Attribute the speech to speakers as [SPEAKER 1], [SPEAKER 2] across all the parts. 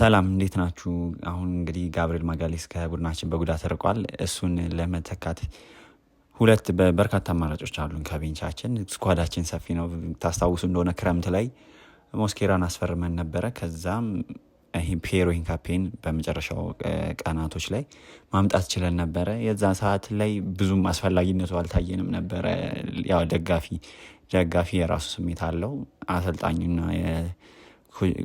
[SPEAKER 1] ሰላም እንዴት ናችሁ? አሁን እንግዲህ ጋብርኤል ማጋሌስ ከቡድናችን በጉዳት ርቋል። እሱን ለመተካት ሁለት በርካታ አማራጮች አሉን። ከቤንቻችን ስኳዳችን ሰፊ ነው። ታስታውሱ እንደሆነ ክረምት ላይ ሞስኬራን አስፈርመን ነበረ። ከዛም ፒየሮ ሂንካፔን በመጨረሻው ቀናቶች ላይ ማምጣት ችለን ነበረ። የዛ ሰዓት ላይ ብዙም አስፈላጊነቱ አልታየንም ነበረ። ያው ደጋፊ ደጋፊ የራሱ ስሜት አለው አሰልጣኝና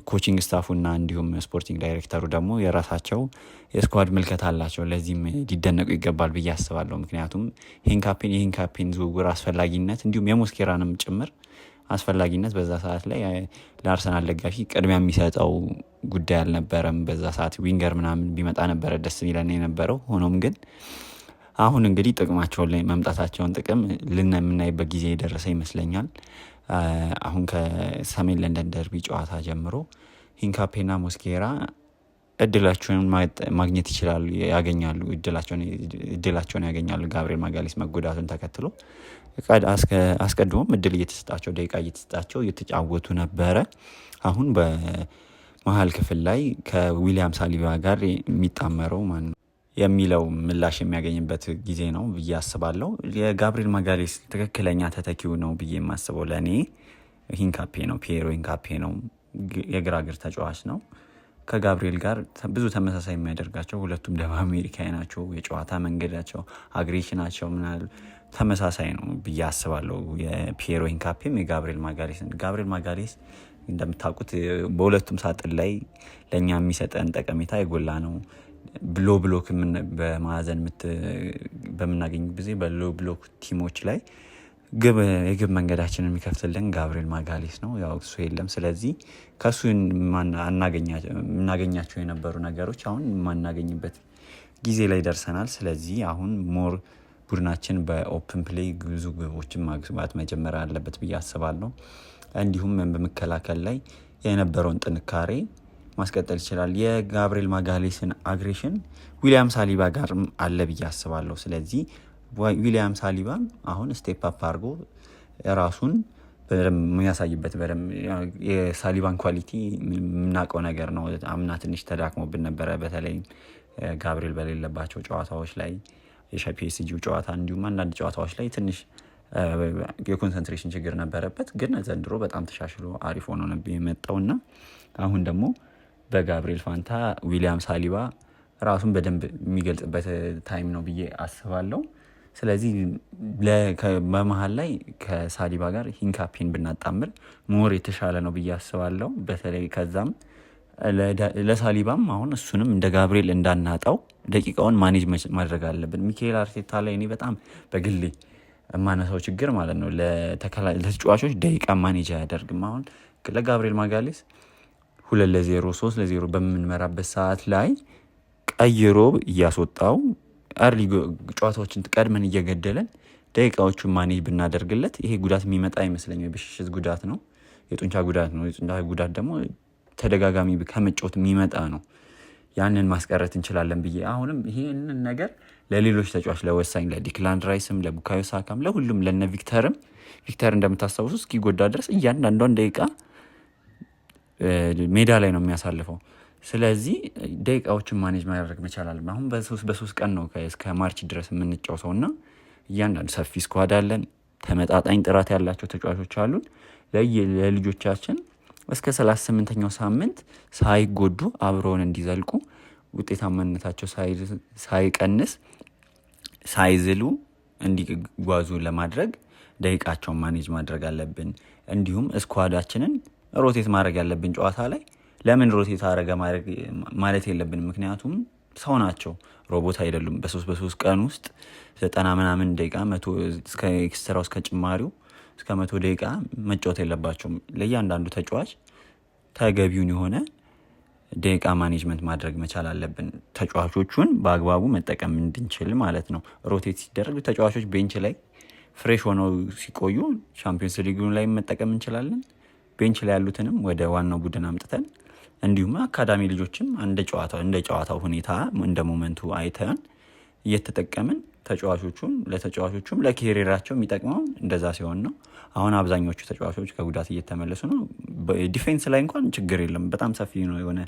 [SPEAKER 1] ኮቺንግ ስታፉና እንዲሁም ስፖርቲንግ ዳይሬክተሩ ደግሞ የራሳቸው የስኳድ ምልከት አላቸው። ለዚህም ሊደነቁ ይገባል ብዬ አስባለሁ። ምክንያቱም ይህን ካፔን ይህን ካፔን ዝውውር አስፈላጊነት እንዲሁም የሞስኬራንም ጭምር አስፈላጊነት በዛ ሰዓት ላይ ለአርሰናል ደጋፊ ቅድሚያ የሚሰጠው ጉዳይ አልነበረም። በዛ ሰዓት ዊንገር ምናምን ቢመጣ ነበረ ደስ ሚለን የነበረው ሆኖም ግን አሁን እንግዲህ ጥቅማቸውን ላይ መምጣታቸውን ጥቅም ልና የምናይበት ጊዜ የደረሰ ይመስለኛል። አሁን ከሰሜን ለንደን ደርቢ ጨዋታ ጀምሮ ሂንካፔና ሞስኬራ እድላቸውን ማግኘት ይችላሉ ያገኛሉ እድላቸውን ያገኛሉ። ጋብሪኤል ማጋሌስ መጎዳቱን ተከትሎ አስቀድሞም እድል እየተሰጣቸው ደቂቃ እየተሰጣቸው እየተጫወቱ ነበረ። አሁን በመሀል ክፍል ላይ ከዊሊያም ሳሊባ ጋር የሚጣመረው ማን ነው? የሚለው ምላሽ የሚያገኝበት ጊዜ ነው ብዬ አስባለሁ። የጋብሪኤል ማጋሌስ ትክክለኛ ተተኪው ነው ብዬ የማስበው ለእኔ ሂንካፔ ነው። ፒሮ ሂንካፔ ነው። የግራ ተጫዋች ነው። ከጋብሪኤል ጋር ብዙ ተመሳሳይ የሚያደርጋቸው ሁለቱም ደቡብ አሜሪካዊ ናቸው። የጨዋታ መንገዳቸው፣ አግሬሽናቸው ምናል ተመሳሳይ ነው ብዬ አስባለሁ። የፒሮ ሂንካፔም የጋብሪኤል ማጋሌስ ጋብሪኤል ማጋሌስ እንደምታውቁት በሁለቱም ሳጥን ላይ ለእኛ የሚሰጠን ጠቀሜታ የጎላ ነው። ሎ ብሎክ በማዘን በምናገኝ ጊዜ በሎ ብሎክ ቲሞች ላይ የግብ መንገዳችንን የሚከፍትልን ጋብሪኤል ማጋሌስ ነው። ያው እሱ የለም። ስለዚህ ከእሱ የምናገኛቸው የነበሩ ነገሮች አሁን የማናገኝበት ጊዜ ላይ ደርሰናል። ስለዚህ አሁን ሞር ቡድናችን በኦፕን ፕሌይ ብዙ ግቦችን ማግባት መጀመር አለበት ብዬ አስባለሁ። እንዲሁም በመከላከል ላይ የነበረውን ጥንካሬ ማስቀጠል ይችላል። የጋብሪኤል ማጋሌስን አግሬሽን ዊሊያም ሳሊባ ጋር አለ ብዬ አስባለሁ። ስለዚህ ዊሊያም ሳሊባ አሁን ስቴፕ አፕ አድርጎ ራሱን የሚያሳይበት በደምብ የሳሊባን ኳሊቲ የምናውቀው ነገር ነው። አምና ትንሽ ተዳክሞብን ነበረ፣ በተለይ ጋብሪኤል በሌለባቸው ጨዋታዎች ላይ የፒኤስጂው ጨዋታ እንዲሁም አንዳንድ ጨዋታዎች ላይ ትንሽ የኮንሰንትሬሽን ችግር ነበረበት። ግን ዘንድሮ በጣም ተሻሽሎ አሪፍ ሆኖ ነው የመጣው እና አሁን ደግሞ በጋብሪኤል ፋንታ ዊሊያም ሳሊባ ራሱን በደንብ የሚገልጽበት ታይም ነው ብዬ አስባለሁ። ስለዚህ በመሀል ላይ ከሳሊባ ጋር ሂንካፔን ብናጣምር ሞር የተሻለ ነው ብዬ አስባለሁ። በተለይ ከዛም ለሳሊባም አሁን እሱንም እንደ ጋብሪኤል እንዳናጣው ደቂቃውን ማኔጅ ማድረግ አለብን። ሚካኤል አርቴታ ላይ እኔ በጣም በግሌ የማነሳው ችግር ማለት ነው ለተጫዋቾች ደቂቃ ማኔጅ አያደርግም። አሁን ለጋብሪኤል ማጋሌስ ሁለት ለዜሮ ሶስት ለዜሮ በምንመራበት ሰዓት ላይ ቀይሮ እያስወጣው አርሊ ጨዋታዎችን ቀድመን እየገደለን ደቂቃዎቹን ማኔጅ ብናደርግለት ይሄ ጉዳት የሚመጣ አይመስለኝም። የብሽሽት ጉዳት ነው፣ የጡንቻ ጉዳት ነው። የጡንቻ ጉዳት ደግሞ ተደጋጋሚ ከመጫወት የሚመጣ ነው። ያንን ማስቀረት እንችላለን ብዬ አሁንም ይህንን ነገር ለሌሎች ተጫዋች ለወሳኝ ለዲክላንድ ራይስም ለቡካዮ ሳካም ለሁሉም ለነ ቪክተርም ቪክተር እንደምታስታውሱ እስኪጎዳ ድረስ እያንዳንዷን ደቂቃ ሜዳ ላይ ነው የሚያሳልፈው። ስለዚህ ደቂቃዎችን ማኔጅ ማድረግ መቻላል። አሁን በሶስት ቀን ነው እስከ ማርች ድረስ ሰው እና እያንዳንዱ ሰፊ ስኳድ አለን። ተመጣጣኝ ጥራት ያላቸው ተጫዋቾች አሉን። ለልጆቻችን እስከ ሰላሳ ስምንተኛው ሳምንት ሳይጎዱ አብረውን እንዲዘልቁ ውጤታማነታቸው ሳይቀንስ ሳይዝሉ እንዲጓዙ ለማድረግ ደቂቃቸውን ማኔጅ ማድረግ አለብን። እንዲሁም እስኳዳችንን ሮቴት ማድረግ ያለብን ጨዋታ ላይ ለምን ሮቴት አረገ ማለት የለብንም። ምክንያቱም ሰው ናቸው፣ ሮቦት አይደሉም። በሶስት በሶስት ቀን ውስጥ ዘጠና ምናምን ደቂቃ እስከ ኤክስትራው እስከ ጭማሪው እስከ መቶ ደቂቃ መጫወት የለባቸውም። ለእያንዳንዱ ተጫዋች ተገቢውን የሆነ ደቂቃ ማኔጅመንት ማድረግ መቻል አለብን፣ ተጫዋቾቹን በአግባቡ መጠቀም እንድንችል ማለት ነው። ሮቴት ሲደረግ ተጫዋቾች ቤንች ላይ ፍሬሽ ሆነው ሲቆዩ ሻምፒዮንስ ሊግ ላይ መጠቀም እንችላለን። ቤንች ላይ ያሉትንም ወደ ዋናው ቡድን አምጥተን እንዲሁም አካዳሚ ልጆችም እንደ ጨዋታው እንደ ጨዋታው ሁኔታ እንደ ሞመንቱ አይተን እየተጠቀምን ተጫዋቾቹም ለተጫዋቾቹም ለኬሪራቸው የሚጠቅመው እንደዛ ሲሆን ነው። አሁን አብዛኞቹ ተጫዋቾች ከጉዳት እየተመለሱ ነው። ዲፌንስ ላይ እንኳን ችግር የለም፣ በጣም ሰፊ ነው የሆነ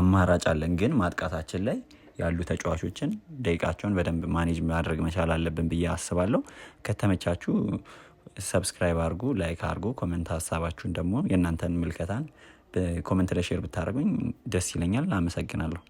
[SPEAKER 1] አማራጭ አለን። ግን ማጥቃታችን ላይ ያሉ ተጫዋቾችን ደቂቃቸውን በደንብ ማኔጅ ማድረግ መቻል አለብን ብዬ አስባለሁ። ከተመቻችሁ ። ሰብስክራይብ አድርጉ፣ ላይክ አድርጉ፣ ኮመንት ሀሳባችሁን ደግሞ የእናንተን ምልከታን ኮመንት ላይ ሼር ብታደርጉኝ ደስ ይለኛል። አመሰግናለሁ።